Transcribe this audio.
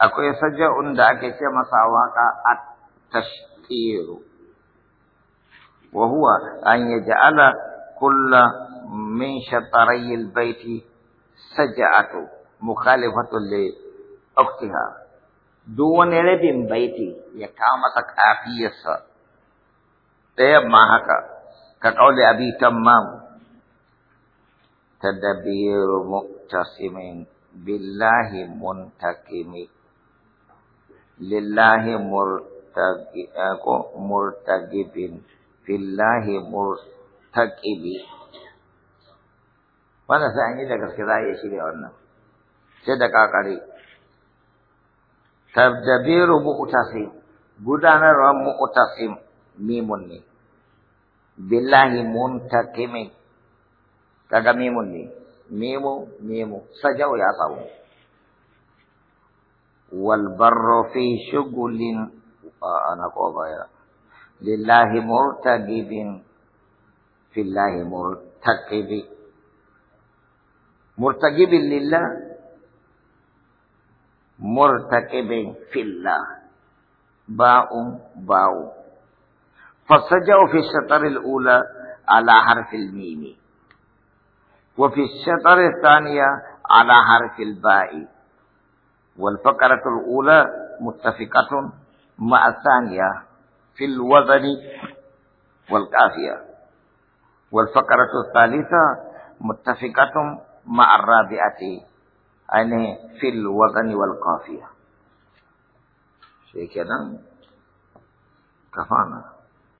akwai saja'un da ake ce masa waka at tashkiru wa huwa an yaj'ala kulla min shatarai baiti saja'atu mukhalifatun li uktiha duk wani rabin baiti ya kawo masa kafiyarsa ma haka ka kauli abi tammam tadabiru muktasimin billahi muntakimi lillahi murtaqibin eh, fillahi murtaqibi wannan sai an yi da gaske za a iya shirya wannan sai da kakare tabdabiru mu'tasim gudanarwa mu'tasim mimun ne billahi muntakimi kaga mimun ne mimu mimu sajau ya samu والبر في شغل آه، أنا قوبا لله مرتقب في الله مرتقب مرتقب لله مرتقب في الله باء باء فسجأ في الشطر الأولى على حرف الميم وفي الشطر الثانية على حرف الباء والفقرة الأولى متفقة مع الثانية في الوزن والقافية والفقرة الثالثة متفقة مع الرابعة يعني في الوزن والقافية شيء كذا كفانا